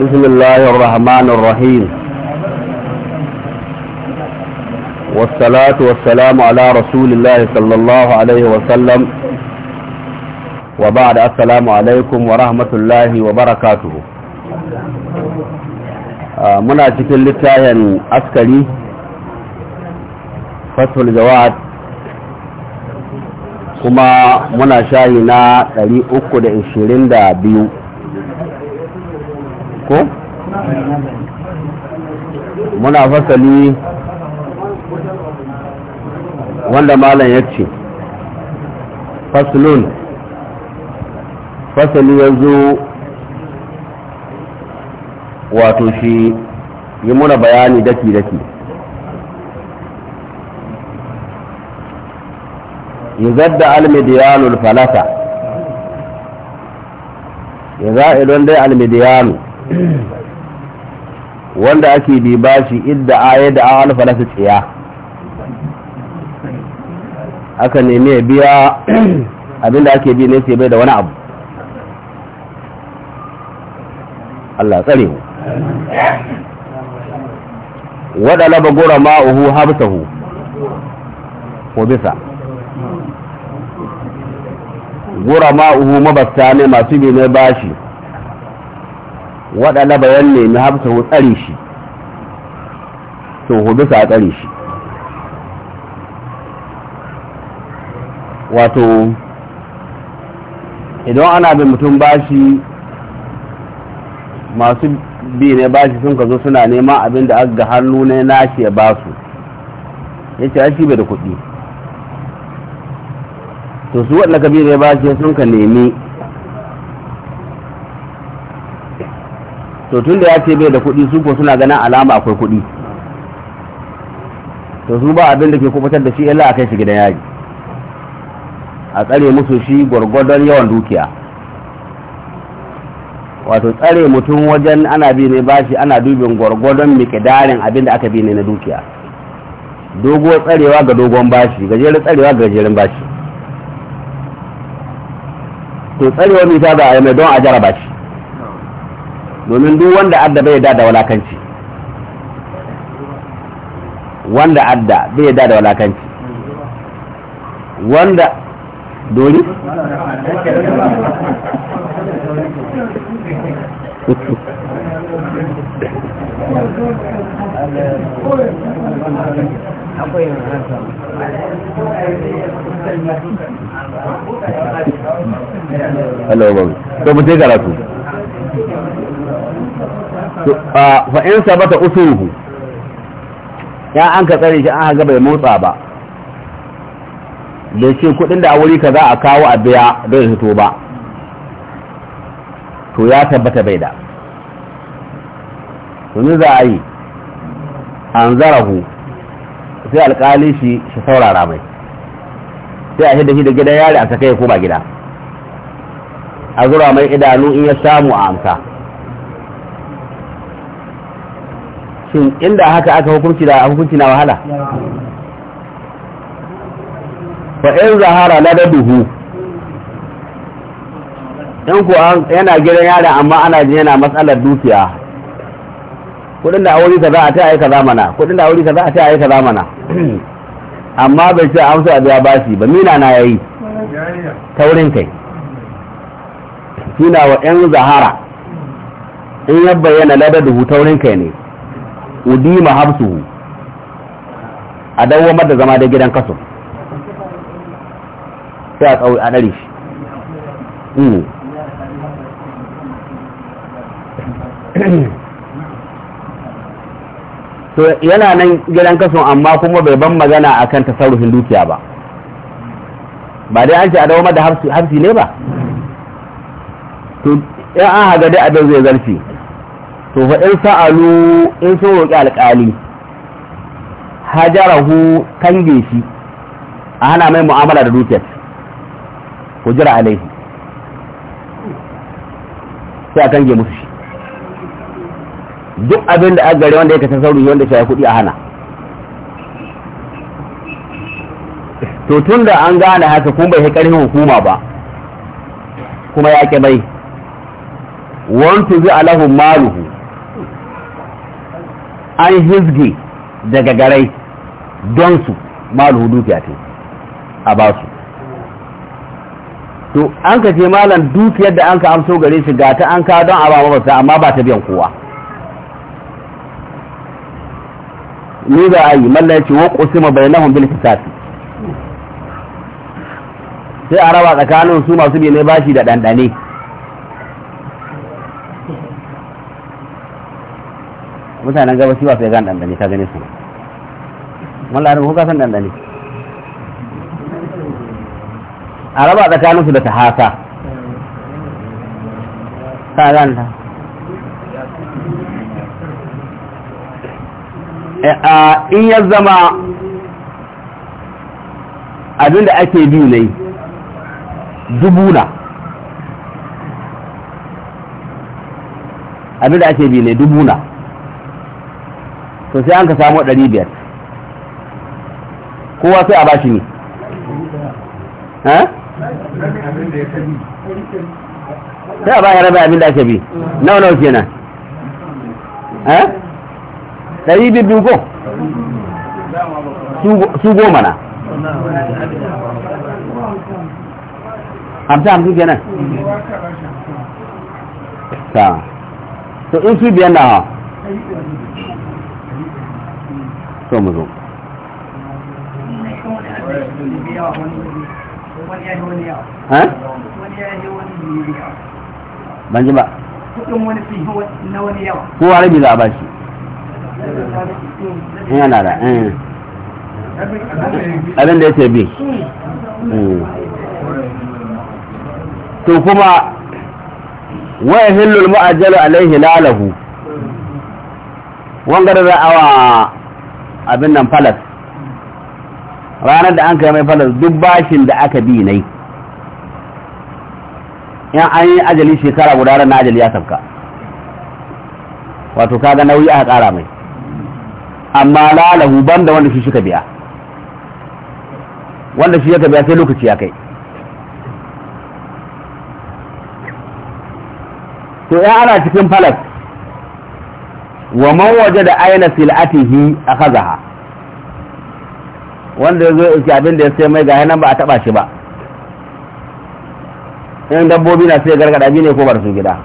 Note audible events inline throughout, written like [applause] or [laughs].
بسم الله الرحمن الرحيم والصلاة والسلام على رسول الله صلى الله عليه وسلم وبعد السلام عليكم ورحمة الله وبركاته آه، منا cikin يعني أسكري fatul jawad kuma muna shayi na 322 ko? muna fasali wanda malam ya ce faslun fasali ya zo wato shi yi muna bayani daki-daki yuzadda almidiyanu falasa yaza idan dai almidiyanu wanda ake bi bashi idda aya da an falasa tsiya aka nemi ya biya abinda ake bi ne sai bai da wani abu Allah tsare mu waɗalaba gora ma'uhu habsahu ko bisa gura ma'uhu mabasta ne masu bi ne bashi waɗanda bayan ne na hafsa hu tsari shi to hudu sa tsari shi wato idan ana bin mutum bashi masu bi ne bashi sun ka zo suna neman abin da ga hannu ne nashi ya basu ya ce shi bai da kuɗi to su wadda kabiru ya bace sun ka nemi to tun da ya ce bai da kuɗi su ko suna ganin alama akwai kuɗi to su ba abin da ke kubutar da shi illa a kai shi gidan yaji a tsare musu shi gwargwadon yawan dukiya wato tsare mutum wajen ana bi ne bashi ana dubin gwargwadon mikidarin abin da aka bi ne na dukiya doguwar tsarewa ga dogon bashi gajeren tsarewa ga gajeren bashi to tsarewar nisa ba a mai don a jaraba shi domin duk wanda adda bai da da walakanci wanda adda bai da da walakanci wanda dori akwai Allah ba to karatu sabata usuruhu ya an ka tsare shi an ga bai motsa ba da shi kudin da a wuri ka za a kawo a biya bai hito ba to ya tabbata bai da tuni za a yi an zarahu sai alkali shi shi saurara mai sai a shida shi da gidan yari a sakai ya koma gida a zura mai idanu in ya samu a amsa shin inda haka aka hukunci da hukunci na wahala fa in zahara duhu in ku yana gidan yari amma ana jin yana matsalar dukiya kudin da aure ka za a ta aika zamana kudin da aure ka za a ta aika zamana [coughs] amma bai ce amsa a biya bashi ba mina na yayi taurin kai suna wa yan zahara in ya bayyana ladar ladadu taurin kai ne udima habsuhu a dawamar da zama da gidan kaso sai a tsawo a ɗari shi hmm. to yana nan gidan kaso amma kuma bai ban magana akan tasarrufin dukiya ba ba dai an ce a dawo da hafsi ne ba to in an haga dai abin zai zarfi to fa in sa'alu in sun roƙi alƙali hajarahu kange shi a hana mai mu'amala da dukiyar ku jira alaihi sai a kange musu duk abin da agare wanda yake tasauri wanda shi kuɗi a hana to tun da an gane haka kun bai karfin hukuma ba kuma ya ke bai wantu zai alahun maluhu an hizgi daga garai don su maluhu dukiya ce a ba su to an ka ce malam dukiyar da an ka amso gare shi ga ta an ka don a ba mabasa amma ba ta biyan kowa ni za a yi mallan ya ce wa kusima bainahum bil hisabi sai a raba tsakanin su masu bi ne bashi da ɗanɗane, mutanen gaba shi ba sai gan ɗanɗane ka gane su mallan ko ka san dandane a raba tsakanin su da hasa ka ganta in ya zama abinda ake biyu ne dubuna abinda ake biyu ne dubuna to sai an ka samu 500 kowa sai a bashi ne eh? sai a bayan rabe abinda ake bi nawa nawa kenan eh ɗari biyu ko su goma na hamsin hamsin kenan ta to in su biyan da ha so mu zo ban ji ba kudin wani fi na wani yawa kowa rabi za a ba shi ya da eh. abin da ya ce bi hmm. to kuma wa yahillu al-mu'ajjalu alayhi lalahu wangar ra'awa abin nan falas ranar da an kai mai falas duk bashin da aka bi nai yan an yi ajali shekara guda na ajali ya sabka wato kaga nauyi aka kara mai amma lalahu banda wanda shi suka biya wanda shi ya biya sai lokaci ya kai to ya ana cikin falas wa man waje da aina sil'atihi a kazaha wanda ya zo ya abin da ya sai mai ga nan ba a taba shi ba yan dabbobi na sai gargada bi ne ko bar su gida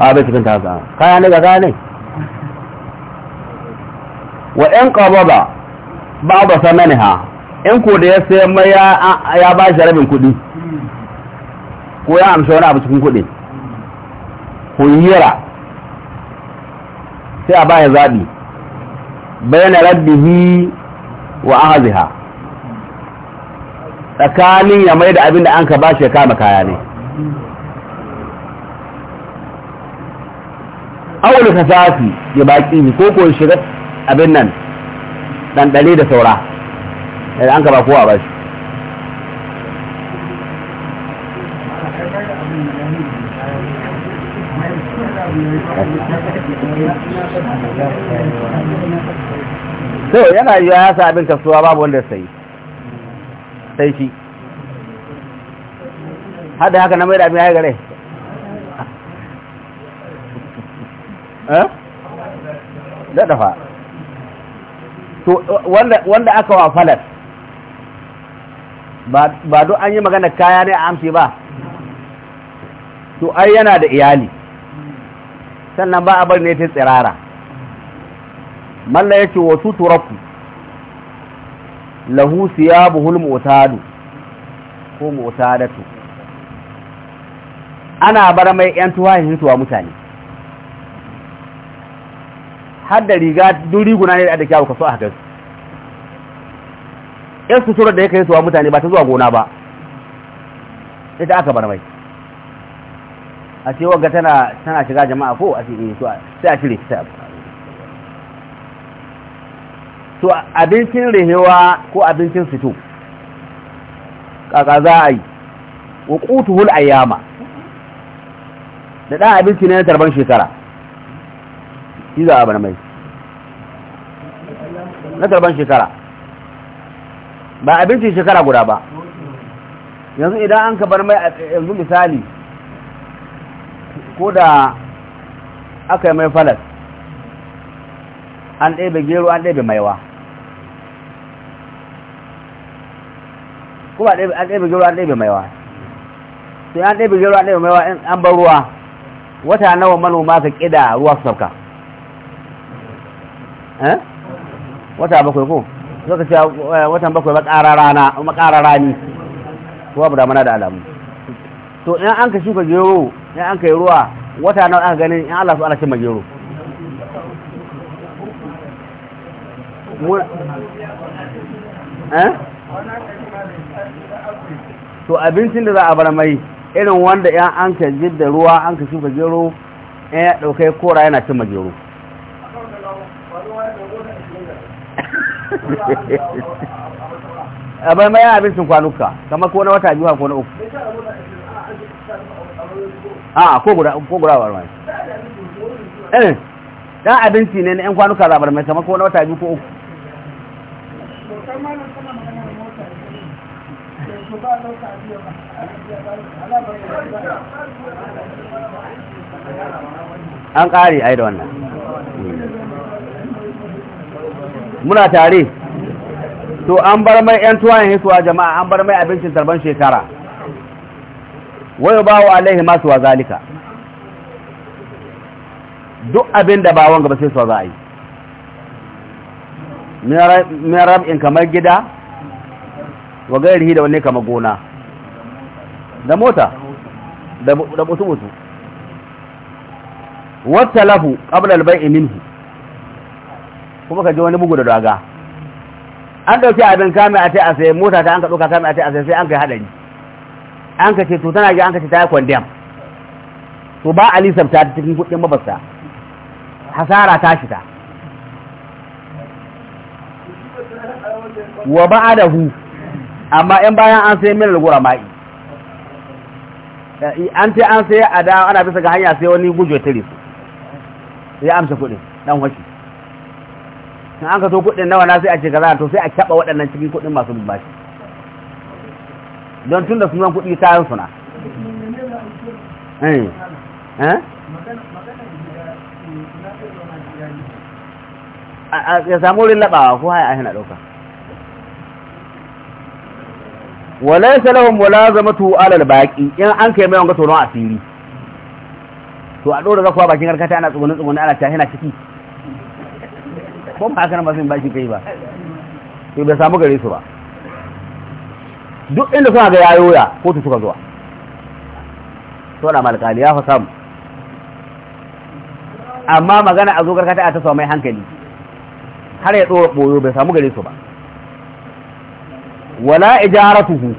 a bai cikin tasa kaya ne ga kaya ne wa ba sa mani ha, in ko da ya sayan mai ya ba shi rabin kuɗi ko ya amsa wani abu cikin kuɗi huyyira sai a ba ya zaɓi bayan rabbihi wa ahaziha tsakanin ya mai da abin da an ka ba shi ya kama kaya ne ka kasafi ya baki ko ko shiga abin nan ɗanɗane da saura da an ka ba kowa ba shi so yana yi ya sa abin kasuwa babu wanda sai sai shi hada haka na mai da abin ya gare eh? daɗafa to wanda aka wa falas ba duk an yi magana kaya ne a amshi ba to ai yana da iyali sannan ba a bar ne ta tsirara malla ya ce wasu turaku lahu siyabuhul mutadu ko mutadatu ana bar mai yan tuwahin suwa mutane har da riga duk riguna ne da kyawu kaso a hakan yan suturar da ya kai suwa mutane ba ta zuwa gona ba ita aka bar mai a ce wagga tana tana shiga jama'a ko a ce yi eh, sai a cire ta to abincin rehewa ko abincin fito kaka za a yi wa kutuhul ayyama da ɗan abinci ne na tarban shekara shi za a bar mai na karban shekara ba abincin shekara guda ba yanzu idan an ka bar mai yanzu misali ko da aka yi mai falas an ɗebe gero an ɗebe maiwa kuma an ɗebe gero an ɗebe maiwa sai an ɗebe gero an ɗebe maiwa an bar ruwa wata nawa manoma ka ƙida ruwa su sauka eh wata bakwai ko zaka ce eh, watan bakwai ba ƙara rana ƙara rani Ko abu da mana da alamu to in an ka shuka gero in an kai ruwa wata nawa aka ganin in Allah su ana cin magero eh? to abincin da za a bar mai irin wanda yan an ka jidda ruwa an ka shuka gero in ya ɗaukai kora yana cin magero a bai mai abincin kwanuka kamar ko na wata biyu ko na uku a ko guda ko guda ba mai eh dan abinci ne na yan kwanuka zabar mai kamar ko na wata biyu ko uku an ƙari ai da wannan muna tare to an bar mai yan tuwayen hisuwa jama'a an bar mai abincin tarban shekara wani bawo alaihi masu wa zalika duk abin da bawon gaba sai su za a yi min in kamar gida wa gairi da wani kamar gona da mota da busu-busu wata lafu ƙabar albai'i minhu kuma ka je wani bugu da daga an dauki abin kame a tai a sai mota ta an ka dauka kame a tai a sai sai an kai hadari an ka ce to tana ji an ka ce ta yi condemn to ba a lisafta ta cikin kudin mabasta hasara ta shita wa ba da hu amma yan bayan an sai mil gura ma'i eh, an ce an sai a da ana bisa ga hanya sai wani gujo tare su ya amsa kudin dan wasu in an ka so kuɗin nawa na sai a shekara to sai a kyaɓa waɗannan cikin kuɗin masu bashi don tun da sunan kuɗi kayan suna eh, eh? ya samu wurin laɓawa ko haya a hina ɗauka walai salahun wala zama alal baƙi in an kai mai wanga tsoron asiri to a ɗora zakuwa bakin karkata ana tsugunin tsugunin ana ta ciki ko ba haka nan ba sun bashi kai ba to bai samu gare su ba duk inda suna ga yayoya su suka zuwa to da malkali ya fa amma magana a zo karkata a ta samu mai hankali har ya tsoro boyo bai samu gare su ba wala ijaratuhu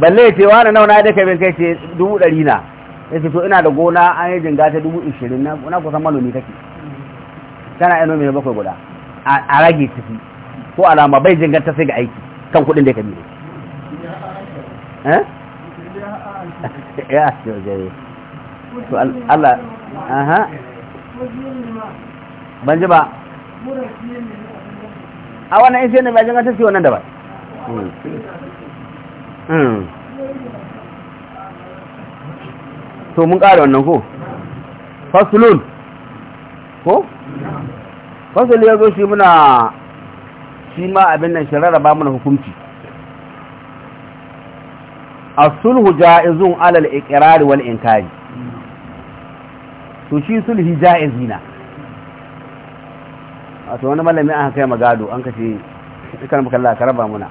balle ce wani nawa na daka bin kai ce dubu ɗari na ya ce to ina da gona an yi jinga ta dubu ishirin na kusan manomi kake tana iya nome bakwai guda a ragi ciki ko alama bai jinganta sai ga aiki kan kudin da ya ashe eh? [laughs] jere ba a wannan isi yana ne bai jinganta sai wannan da ba hmm. Hmm. to mun kare wannan ko fasulun ko fasali ya zo shi muna shi ma abin nan shirara ba mana hukunci asulhu sulhu ja'izun 'ala al-iqrar wal inkari to shi sulhi ja'izina to wani malami an kai magado an kace kan baka Allah ka raba muna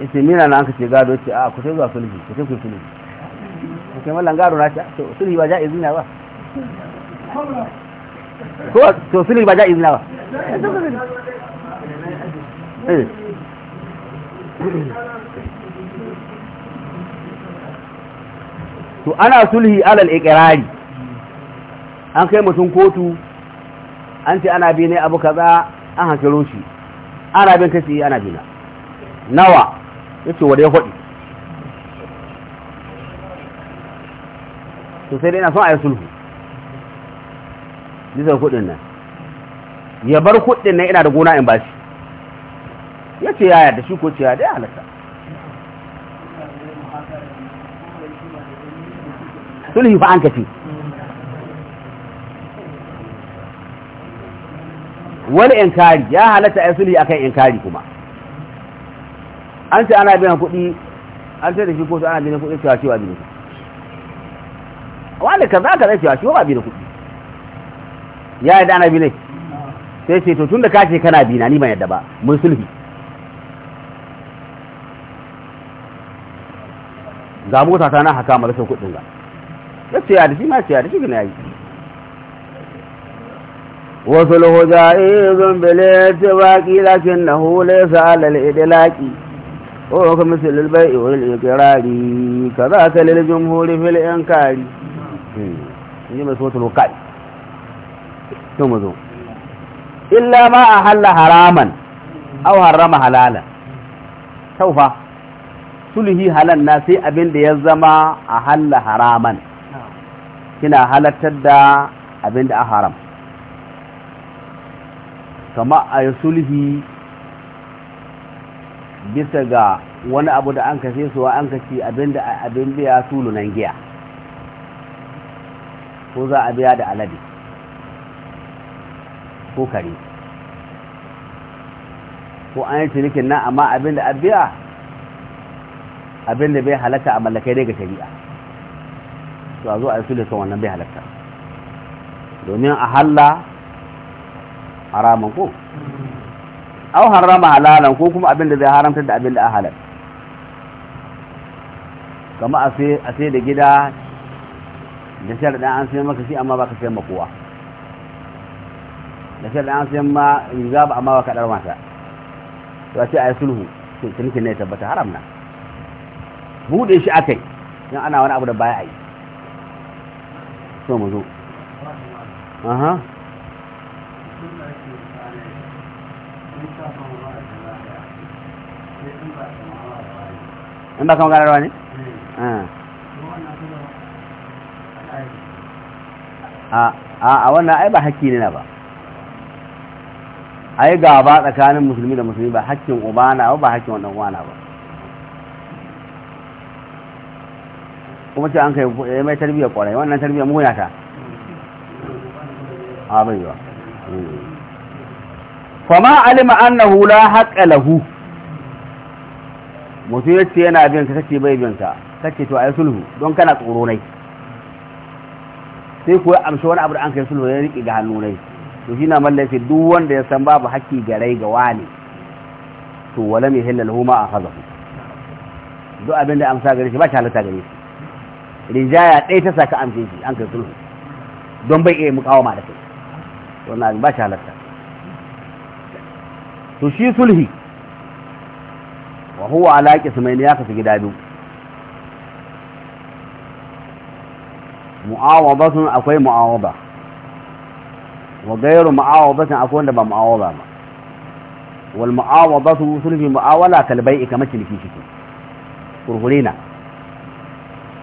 yace mina na an kace gado ce a ku sai zuwa sulhi ku sai ku sulhi kai mallan gado na ta sulhi ba ja'izina ba ko to sulhu ba ja'iz na eh. to ana sulhi alal iqrari an kai mutum kotu an ce ana bi ne abu kaza an hakiro shi ana bin kashi ana bina nawa yace wa dai hodi to sai dai na son a yi sulhu jizar kuɗin nan ya bar kuɗin nan ina da gona in bashi ya ce yaya da shi ko ce ya da halatta sulhi fa an kafi wani inkari ya halatta ya sulhi akan inkari kuma an ce ana biyan kuɗi an ce da shi ko ana biyan kuɗi cewa cewa biyan kuɗi wani kaza kaza cewa shi ba biyan kuɗi ya yadda ana bi ne sai ce to tun da kace kana bi na ni ban yadda ba mun sulhi ga mota ta na haka mara sai kudin ga ya ce ya da shi ma ce ya da shi gina yayi wasu lahoja izon bele ba ki lakin na hule sa alal idilaki o ka misalil bai iwil ikirari ka za ka lil jumhuri fil kari ni hmm. mai sotu lokali to mu zo illa ma a halla haraman au harama halalan taufa sulhi halan na sai abin da ya zama a halla haraman kina halattar da abin da a haram kama a yi sulhi bisa ga wani abu da an kashe suwa an kashe abin da abin biya tulunan giya ko za a biya da alade ko kare ko an yi cinikin nan amma abin da abiya abin da bai halatta a mallakai daga shari'a to a zo a yi sulhu kan wannan bai halatta domin a halla haramanko ko au harama halalan ko kuma abin da zai haramta da abin da a halar kama a sai da gida da sharaɗin an sai maka shi amma ba ka sai makowa da shi an sayan ma riga ba amma ka dar mata to a ce sulhu sulhu cinikin ne tabbata haram na bude shi akai dan ana wani abu da baya yi so mu zo aha in ba kama ganarwa ne? Ah. Ah, ah, a wannan ai ba haƙƙi ne na ba ai gaba tsakanin musulmi da musulmi ba hakkin ubana ba ba hakkin wannan uwana ba kuma ce an kai ya eh, mai tarbiyyar kwarai wannan tarbiyyar muna ta a bai yiwa kuma hmm. alima annahu la haƙƙa lahu mutum ya ce yana biyan ka kace bai biyan ka ce to ai sulhu don kana tsoro nai sai kuwa amshi wani abu da an kai sulhu ya riƙe ga hannu nai to shi na mallafi duk wanda ya san babu haƙƙi ga rai ga wani to wala mai hillal huma a ku. duk abinda amsa gare shi ba shi halatta gare shi rinjaya ɗaya ta saka amshin shi an kai sulhu don bai iya mukawama da kai wannan abin ba shi halatta to shi sulhi wa huwa mai ne ya kasu gida biyu sun akwai mu'awaba wa gairu mu'awadatin akwai wanda ba mu'awada ba wal mu'awadatu sulhi mu'awala kal bai'i kamar ciniki shi kurkurina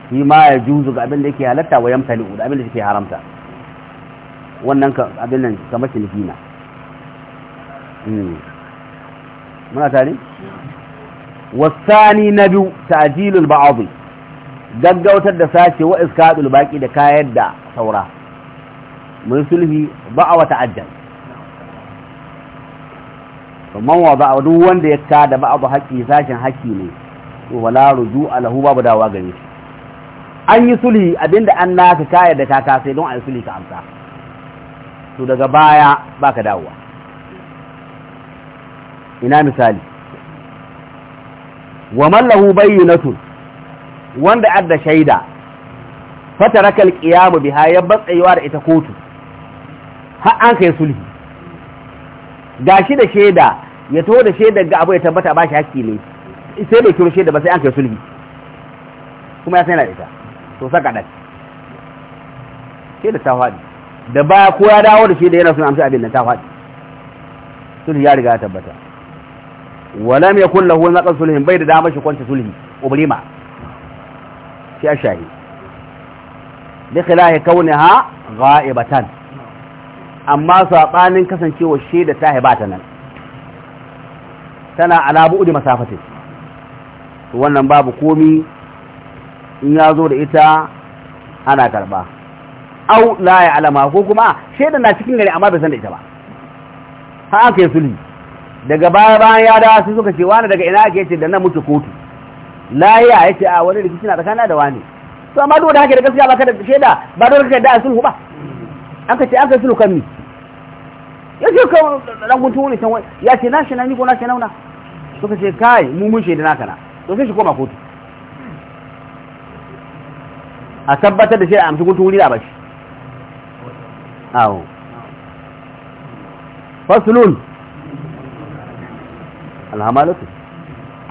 shi ma ya juzu ga abin da yake halatta wa yamtali da abin da yake haramta wannan abin nan kamar ciniki na hmm. muna wasani na biyu ta'jilul ba'd gaggautar da sace iskaɗul baƙi da kayar da saura mun sulhi ba a wata ajal man wa ba duk wanda ya kada ba abu haƙi sashen haƙi ne wala ruju babu dawa gare shi an yi sulhi abinda an naka kaya da kaka sai don a yi sulhi ka amsa to daga baya baka dawowa ina misali wa man lahu bayyinatun wanda adda shaida fataraka al-qiyam biha yabqa da ita kotu har an kai sulhi gashi da shaida ya taho da shaida ga abu ya tabbata ba shi haƙƙi ne sai da kiro shaida ba sai an kai sulhi kuma ya sai na ita to saka da shaida ta faɗi da baya ko ya dawo da shaida yana son amsa abin da ta faɗi sulhi ya riga ya tabbata walam kulla lahu naqas sulhin bai da damar shi kwanta sulhi ubrima sai shahi bi khilahi kaunha ghaibatan amma saɓanin kasancewa shaida ta haiba ta nan tana alabu da masafatin wannan babu komi in ya zo da ita ana karɓa au la ya alama ko kuma shaida na cikin gari amma bai san da ita ba ha aka yi sulhi daga baya bayan ya dawo sai suka ce wani daga ina ake ce da nan muke kotu lahiya ya ce a wani rikici na tsakana da wani to amma duk da haka da gaskiya ba ka da shaida ba dole ka da sulhu ba an ka ce an ka sulhu kan ni. ya ce ka dan guntu wani can ya ce na shi na ni ko na shi nauna ka ce kai mu mun shaida naka na to sai shi koma kotu a tabbatar da shi a amshi guntu wuri da bashi awo fasulun alhamalatu